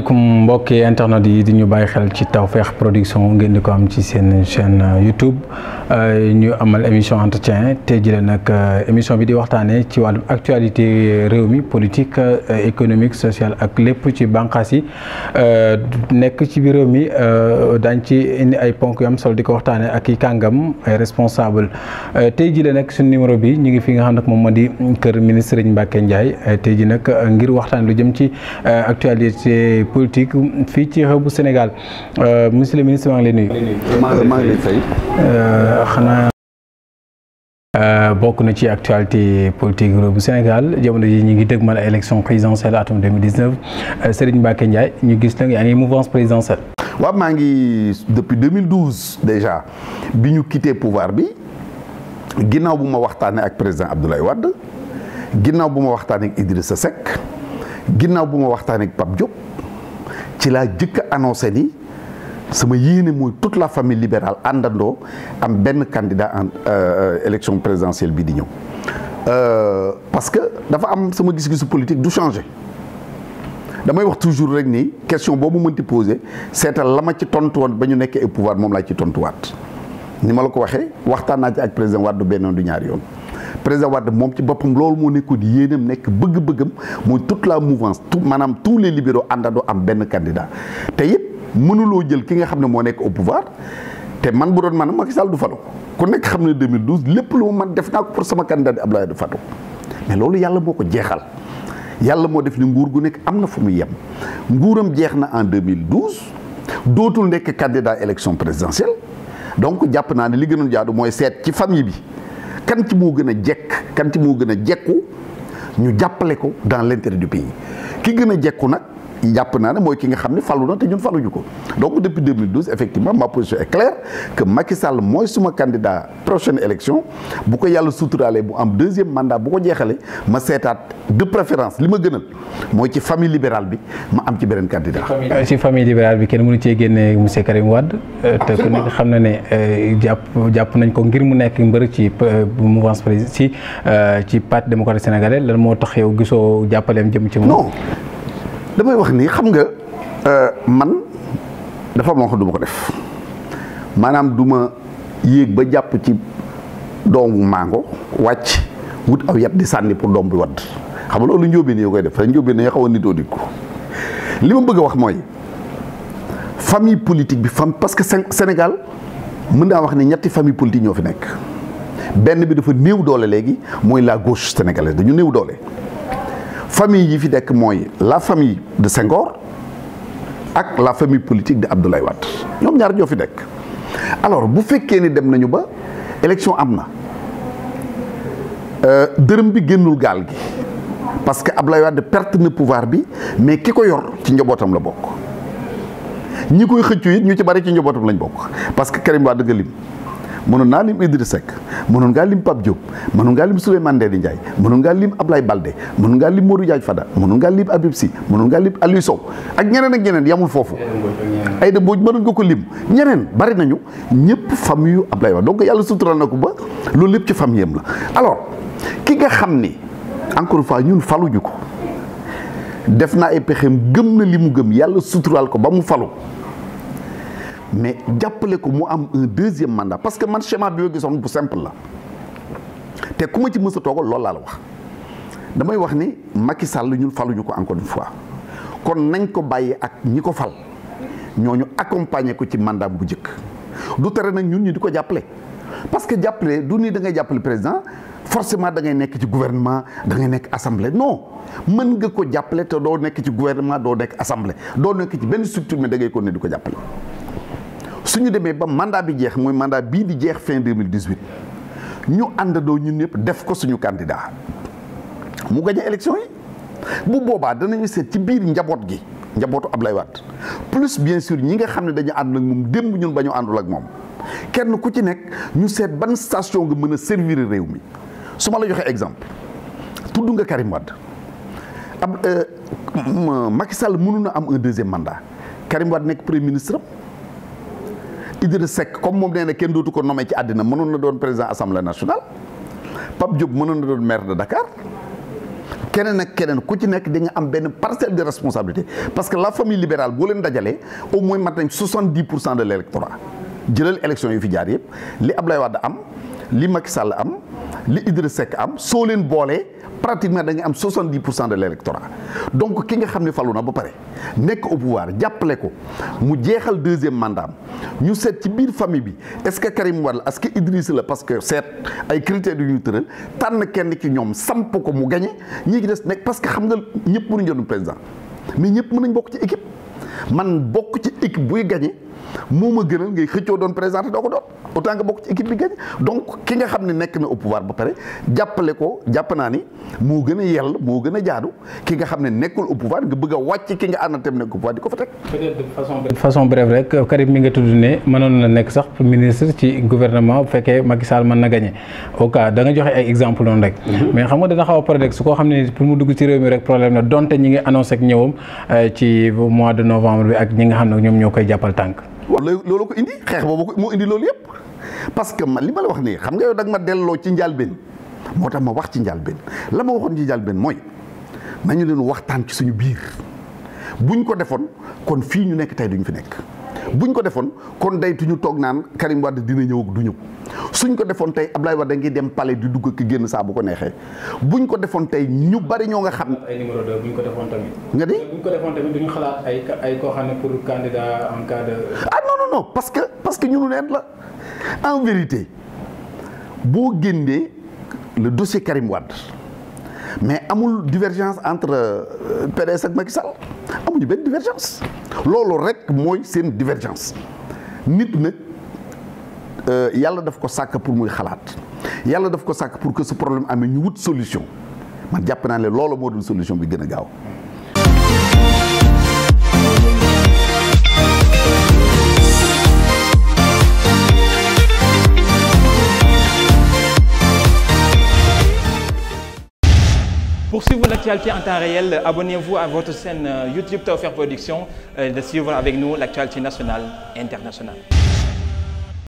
asalaamaaleykum mbokki internet yi di ñu bàyyi xel ci Tawfekh production ngeen di ko am ci seen chaîne euh, YouTube euh, ñu amal émission entretien tey jëlee nag euh, émission bi di waxtaanee ci wàllum actualité réew mi politique économique sociale ak lépp ci bànqaas yi nekk ci biir réew mi daañ ci indi ay ponk yu am solo di ko waxtaanee ak i kàngam ay responsable tey jëlee nag suñu numéro bi ñu ngi fi nga xam nag moom moo di kër ministre Mbacke Ndiaye tey ji nag ngir waxtaan lu jëm ci actualité acteurs fii ci xew bu Sénégal euh, monsieur le ministre maa ngi lay nuyu. maa euh, euh, bokk na ci actualité politique bu Sénégal jamono ji ñu ngi dëgmal ay élection présidentielle atum 2019 Serigne Mbacké Ndiaye ñu gis nag yaa ngi mouvance présidentielle. waaw maa ngi depuis 2012 déjà bi ñu quitté pouvoir bi ginnaaw bu ma waxtaanee ak président Abdoulaye Wade ginnaaw bu ma waxtaanee ak Idrissa Seck ginnaaw bu ma waxtaanee ak Pape Diop. ci laa jëkk a annoncé ni sama yéene mooy toute la famille libérale àndandoo am benn candidat en euh, élection présidentielle bi di ñëw euh, parce que dafa am sama gis-gisu politique du changer damay wax toujours rek ni question boobu mënti posé seetal la ma ci tontu woon ba ñu nekkee au pouvoir moom laa ci tontuwaat ni ma la ko waxee waxtaan naa ci ak président Wade du benn du ñaari yoon. président Wade moom ci boppam loolu moo nekkoon yéenam nekk bëgg-bëggam mooy tout la mouvance tout maanaam tous les libéraux àndandoo am benn candidat te it mënuloo jël ki nga xam ne moo nekk au pouvoir te man bu doon man Macky Sall du falu ku nekk xam ne 2012 lépp lu ma man def naa ko pour sama candidat di Abdoulaye du falu mais loolu yàlla moo ko jeexal yàlla moo def ni nguur gu nekk am na fu mu yem nguuram jeex na en 2012 dootul nekk candidat élection présidentielle donc jàpp naa ne li gënoon jaadu mooy seet ci famille bi kan ci moo gën a jekk kan ci moo gën a jekku ñu jàppale ko dans l'intérêt du pays ki gën a jekku nag jàpp naa ne mooy ki nga xam ne falu na te ñun faluñu ko donc depuis 2012 effectivement ma position est claire que Macky Sall mooy suma candidat prochaine élection bu ko yàlla suturaalee bu am deuxième mandat bu ko jeexalee ma seetaat de préférence li ma gënal mooy ci famille libérale bi ma am ci beneen candidat. ci famille libérale bi kenn mënu cee génne monsieur Karim Wade. te ku nekk xam na ne euh, jàpp jàpp nañ ko ngir mu nekk mbër ci euh, mouvance président ci euh, ci parti démocratique sénégalais lan moo tax yow gisoo jàppaleem jëm ci moom. damay wax nii xam nga euh, man dafa am loo xam ko def maanaam duma ma yéeg ba jàpp ci doomu mango wàcc wut aw yat di sànni pour doom bi wadd xam nga loolu njóobeen yoo koy def fa njóobeen yoo xaw a nitoo dikku li ma bëgg a wax mooy famille politique bi fam parce que Sénégal mën naa wax ni ñetti famille politique ñoo fi nekk benn bi dafa néew doole léegi mooy la gauche sénégalaise dañu néew doole. famille yi fi dekk mooy la famille de Senghor ak la famille politique de Abdoulaye Wade ñoom ñaar ñoo fi dekk alors bu fekkee ni dem nañu ba élection am na euh, dërëm bi génnul gaal gi parce que Abdoulaye Wade perte na pouvoir bi mais ki ko yor ci njabootam la bokk ñi koy xëccu it ñu ci bari ci njabootam lañ bokk parce que Karim waa nga lim mënoon naa lim Idrissa Seck mënoon ngaa lim Pape Diop mënoon ngaa lim Souleymane di Ndiaye mënoon ngaa lim Ablaye Baldé mënoon ngaa lim Modou Diagne Fada mënoon ngaa lim Habib Sy mënoon ngaa lim Aliou ak ñeneen ak ñeneen yamul foofu Aïda booj mënoon nga ko lim ñeneen bari nañu ñëpp famille yu Ablaye Wade donc yàlla sutural na ko ba loolu lépp ci famille am la alors ki nga xam ni encore une fois ñun faluñu ko def naa ay pexeem gëm na li mu gëm yàlla suturaal ko ba mu falu mais jàppale ko mu am un deuxième mandat parce que man schéma bi yoo ma gisoon bu simple la te ku ma ci mës a toogal loolu laa la wax damay wax ni Macky Sall ñun faluñu ko encore une fois kon nañ ko bàyyi ak ñi ko fal ñooñu accompagner ko ci mandat bu njëkk du tere nag ñun ñu di ko jàppale parce que jàppale du ni da ngay jàppale président forcément da ngay nekk ci gouvernement da ngay nekk assemblée no mën nga ko jàppale te doo nekk ci gouvernement doo nekk assemblée doo nekk ci benn structure mais ko ne di ko jàppale su ñu demee ba mandaa bi jeex mooy mandaa bii di jeex fin 2018 ñu àndandoo ñun ñëpp def ko suñu candidat mu gañe élection yi bu boobaa danañu seet ci biir njaboot gi njabootu Ablaye Wade plus bien sûr ñi nga xam ne dañu àndul ak moom démb ñun ba ñu àndul ak moom kenn ku ci nekk ñu seet ban station nga mën a servir réew mi su ma la joxee exemple tudd nga Karim Wade ab euh, Macky Sall mënu na am un deuxième mandat Karim nekk premier ministre Idrissa sekk comme moom nee na kenn dootu ko nommé ci àddina mënoon na doon président assemblée nationale Pape Diop mënoon na doon maire de Dakar keneen ak keneen ku ci nekk di am benn parcelle de responsabilité parce que la famille libérale boo leen dajalee au moins mat nañ 70 pour cent de l' électorat jëlal élection yu fi jaar yëpp li Ablaye Wade am li Macky Sall am. li Idriss Seck am soo leen boolee pratiquement da am am 70 pour cent de l' électorat donc ki nga xam ne falu na ba pare nekk au pouvoir jàppale ko mu jeexal deuxième mandat ñu seet ci biir famille bi est ce que Karim Wade la est ce que Idriss la parce que seet ay critères yu ñu tëral tànn kenn ci ñoom samp ko mu gañe ñi ngi des nekk parce que xam nga ñëpp mënuñu doon président mais ñëpp mën nañ bokk ci équipe man bokk ci équipe buy gañe moom ma gënal ngay xëccoo doon présenté doo ko doon. autant nga bokk ci équipe bi gañ donc ki nga xam ne nekk na au pouvoir ba pare jàppale ko jàpp naa ni moo gën a yell moo gën a jaadu ki nga xam ne nekkul au pouvoir nga bëgg a wàcc ki nga ànd tam nekk au pouvoir di ko fa teg. peut-être de façon façon rek Karim mi nga tudd ne mënoon na nekk sax ministre ci gouvernement bu fekkee Macky Sall mën na gagné au cas da nga joxe ay exemple noonu rek. Mhm. mais xam nga dana xaw a paradoxe su koo xam ne pour mu dugg ci réew mi rek problème la donte ñi ngi annoncé ak ñëwam euh, ci de novembre bi ak ñi nga xam ne ñoom ñoo koy jàppal loolu ko indi xeex boobu ko moo indi loolu yëpp parce que man li ma la wax nii xam nga yow ma delloo ci njàlbeen moo tax ma wax ci njaal njàlbeen la ma waxoon ci njàlbeen mooy nañu leen waxtaan ci suñu biir buñ ko defoon kon fii ñu nekk tey duñ fi nekk. buñ ko defoon kon daytuñu toog naan Karim Wade dina ñëw ak du ñëw suñ ko defoon tey Abdoulaye Wade da ngi dem pale di dugg ak génn saa bu ko neexee buñ ko defoon tey ñu bari ñoo nga xam. nga di ko defoon tamit duñu xalaat ay ay koo xam ne pour candidat en cas ah non non non parce que parce que ñunu neen la en vérité boo génnee le dossier Karim Wade. mais amul divergence entre euh, PDS ak Macky Sall amuñu benn divergence loolu rek mooy seen divergence nit nag euh, yàlla daf ko sàkk pour muy xalaat yàlla daf ko sàkk pour que ce problème amee ñu wut solution man jàpp naa ne loolu moo dul solution bi gën a gaaw l'actualité en temps réel, abonnez-vous à votre chaîne euh, YouTube Tawfekh Production euh, de suivre avec nous l'actualité nationale et internationale.